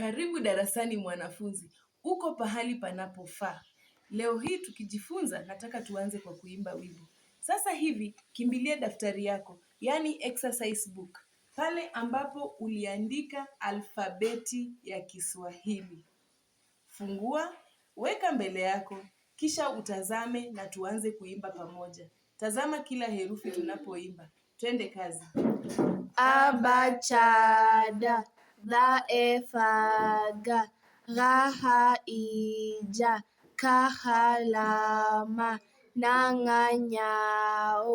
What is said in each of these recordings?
Karibu darasani mwanafunzi, uko pahali panapofaa. Leo hii tukijifunza, nataka tuanze kwa kuimba wimbo. Sasa hivi kimbilia daftari yako, yaani exercise book, pale ambapo uliandika alfabeti ya Kiswahili. Fungua, weka mbele yako, kisha utazame na tuanze kuimba pamoja. Tazama kila herufi tunapoimba. Twende kazi. Abachada dha e fa ga ga ha i ja ka ha la ma na nga nya o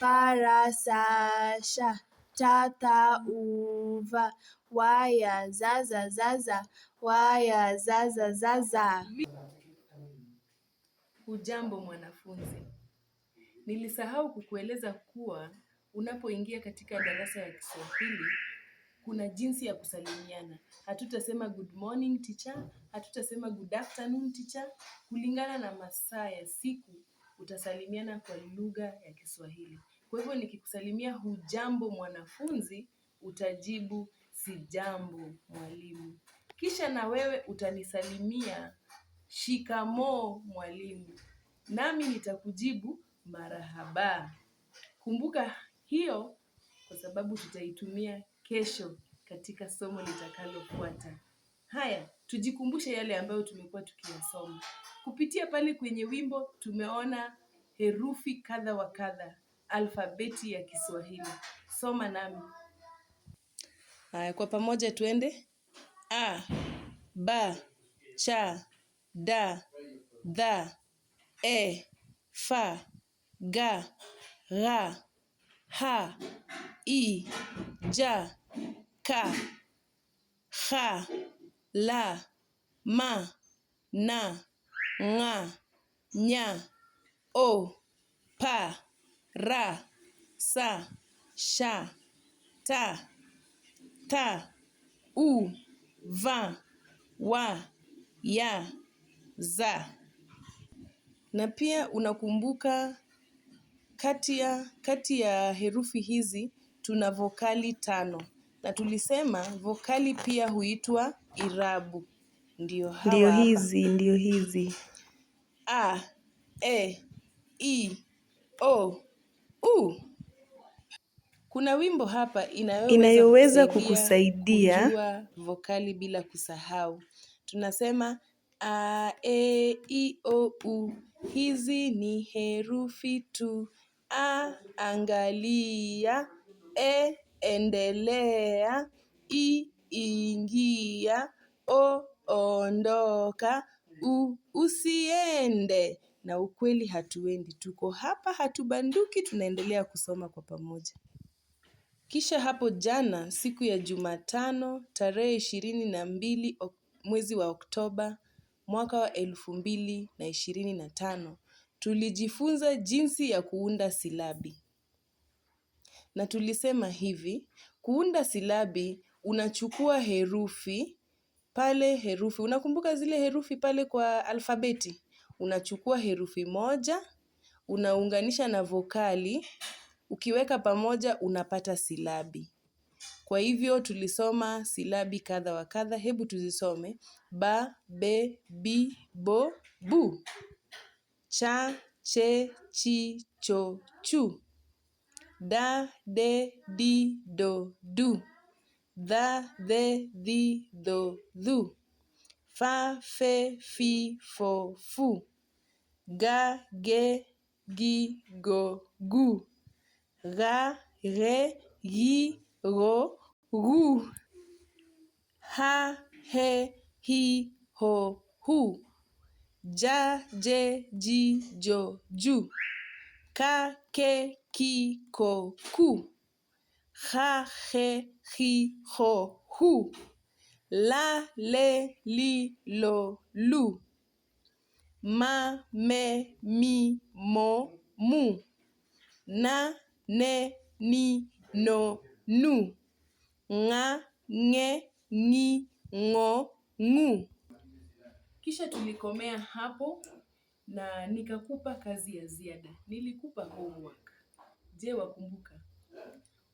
pa ra sa sha ta ta u va wa ya za za za za wa ya za za za za. Ujambo mwanafunzi, nilisahau kukueleza kuwa unapoingia katika darasa ya Kiswahili kuna jinsi ya kusalimiana. Hatutasema good morning teacher, hatutasema good afternoon teacher, kulingana na masaa ya siku utasalimiana kwa lugha ya Kiswahili. Kwa hivyo nikikusalimia hujambo mwanafunzi, utajibu sijambo mwalimu. Kisha na wewe utanisalimia shikamoo mwalimu. Nami nitakujibu marahaba. Kumbuka hiyo kwa sababu tutaitumia kesho katika somo litakalofuata. Haya, tujikumbushe yale ambayo tumekuwa tukiyasoma. Kupitia pale kwenye wimbo tumeona herufi kadha wa kadha, alfabeti ya Kiswahili. Soma nami. Haya, kwa pamoja tuende: a, ba, cha, da, dha, e, fa, ga, gha, ha, i ja, ka, ha, la, ma, na, nga, nya, o, pa, ra, sa, sha, ta, ta, u, va, wa, ya, za. Na pia unakumbuka kati ya herufi hizi tuna vokali tano na tulisema vokali pia huitwa irabu. Ndio hawa hizi, ndio hizi. A, E, I, O, U. Kuna wimbo hapa inayoweza, Inayoweza kukusaidia. vokali bila kusahau. Tunasema a, e, i, o, u. Hizi ni herufi tu. A, angalia e endelea i ingia o ondoka u usiende na ukweli hatuendi tuko hapa hatubanduki tunaendelea kusoma kwa pamoja kisha hapo jana siku ya Jumatano tarehe ishirini na mbili mwezi wa Oktoba mwaka wa elfu mbili na ishirini na tano tulijifunza jinsi ya kuunda silabi na tulisema hivi kuunda silabi unachukua herufi pale herufi unakumbuka zile herufi pale kwa alfabeti unachukua herufi moja unaunganisha na vokali ukiweka pamoja unapata silabi. Kwa hivyo tulisoma silabi kadha wa kadha hebu tuzisome ba be bi bo bu cha che chi cho chu da, de, di, do, do, da de di do du fa, fe, fi, fo, fu, ga, ge, gi, go, gu, ga, re, gi, ro, ru, ha, he, hi, ho, hu, ja, je, ji, jo, ju, ka, ke, kikoku ha he hi ho hu la le li lo lu ma me mi mo mu na ne ni no nu nga nge ni ngo ngu. Kisha tulikomea hapo na nikakupa kazi ya ziada, nilikupa homework. Je, wakumbuka?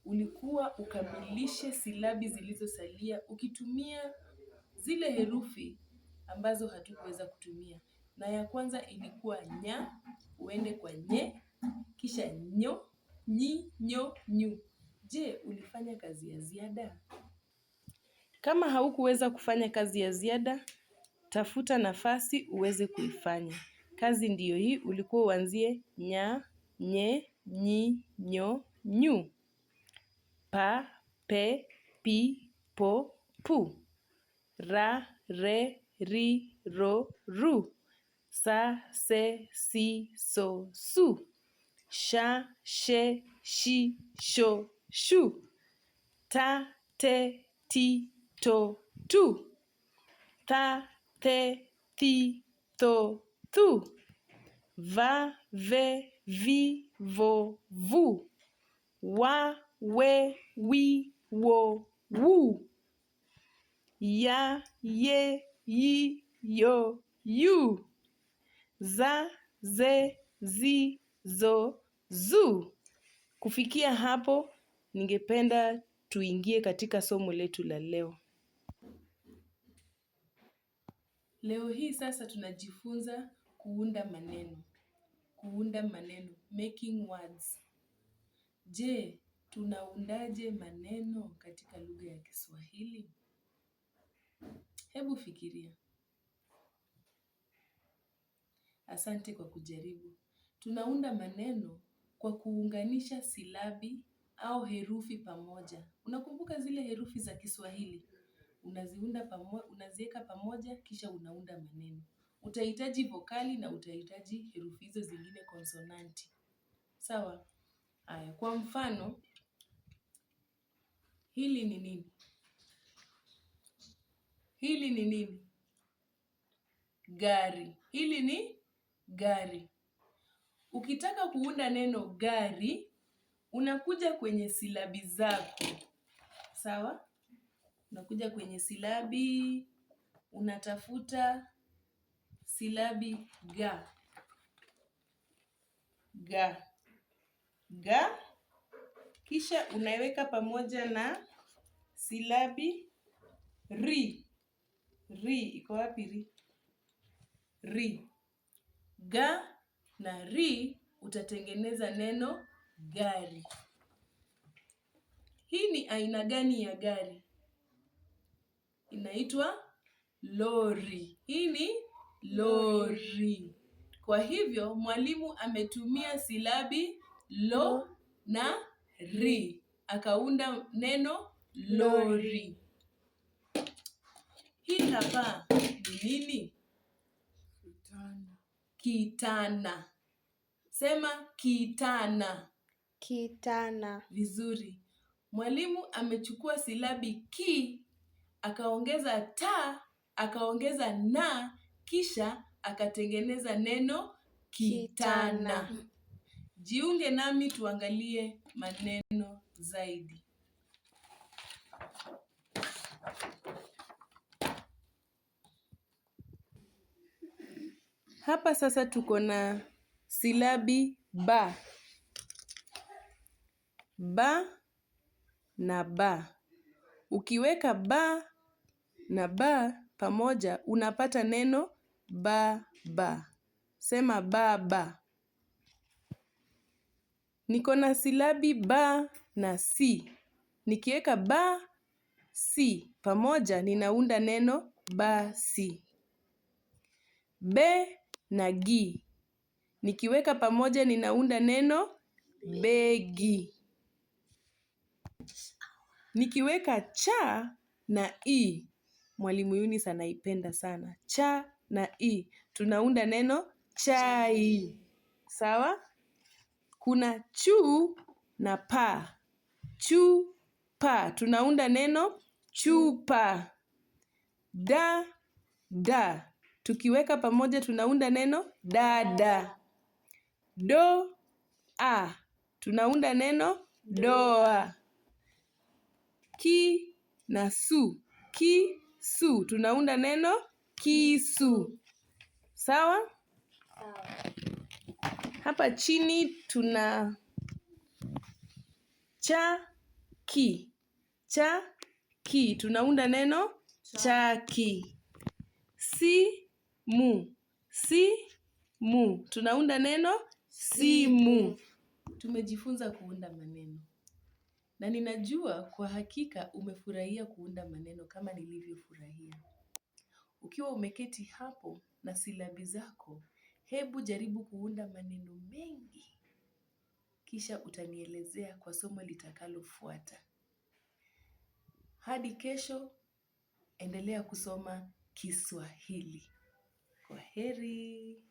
Ulikuwa ukamilishe silabi zilizosalia ukitumia zile herufi ambazo hatukuweza kutumia. Na ya kwanza ilikuwa nya, uende kwa nye, kisha nyo, nyi, nyo, nyu. Je, ulifanya kazi ya ziada? Kama haukuweza kufanya kazi ya ziada, tafuta nafasi uweze kuifanya. Kazi ndiyo hii ulikuwa uanzie nya, nye, ni nyo, nyu. Pa, pe, pi, po, pu. Ra, re, ri, ro, ru. Sa, se, si, so, su. Sha, she, shi, sho, shu. Ta, te, ti, to, tu. ta, te, ti, to, tu, Va, ve, vi, vo, vu. Wa, we, wi, wo, wu. Ya, ye, yi, yo, yu. Za, ze, zi, zo, zu. Kufikia hapo, ningependa tuingie katika somo letu la leo. Leo hii sasa tunajifunza kuunda maneno kuunda maneno making words. Je, tunaundaje maneno katika lugha ya Kiswahili? Hebu fikiria. Asante kwa kujaribu. Tunaunda maneno kwa kuunganisha silabi au herufi pamoja. Unakumbuka zile herufi za Kiswahili? unaziweka pamoja kisha unaunda maneno. Utahitaji vokali na utahitaji herufi hizo zingine konsonanti. Sawa? Haya, kwa mfano, hili ni nini? Hili ni nini? Gari. Hili ni gari. Ukitaka kuunda neno gari, unakuja kwenye silabi zako. Sawa? Unakuja kwenye silabi, unatafuta silabi ga. Ga. Ga. Kisha unaweka pamoja na silabi ri. Ri iko wapi ri? Ri. Ga na ri utatengeneza neno gari. Hii ni aina gani ya gari? Inaitwa lori. Hii ni lori. Kwa hivyo mwalimu ametumia silabi lo na ri akaunda neno lori. Hii hapa ni nini? Kitana. Kitana. Sema kitana. Kitana. Vizuri. Mwalimu amechukua silabi ki akaongeza ta akaongeza na kisha akatengeneza neno kitana. Jiunge nami tuangalie maneno zaidi. Hapa sasa tuko na silabi ba. Ba na ba. Ukiweka ba na ba pamoja unapata neno Baba. Sema baba. Niko na silabi ba na si. nikiweka ba si pamoja ninaunda neno basi. Be na gi. Nikiweka pamoja ninaunda neno begi. Nikiweka cha na i. Mwalimu Yunis anaipenda sana. Cha na i tunaunda neno chai. Sawa, kuna chu na pa. pa tunaunda neno chupa. Da da tukiweka pamoja tunaunda neno dada. Do a tunaunda neno doa. Ki na su su tunaunda neno kisu. Sawa? Sawa. Hapa chini tuna cha cha ki. tunaunda neno mu. Si mu. tunaunda neno mu. Tumejifunza kuunda maneno na ninajua kwa hakika umefurahia kuunda maneno kama nilivyofurahia. Ukiwa umeketi hapo na silabi zako, hebu jaribu kuunda maneno mengi kisha utanielezea kwa somo litakalofuata. Hadi kesho, endelea kusoma Kiswahili. kwa heri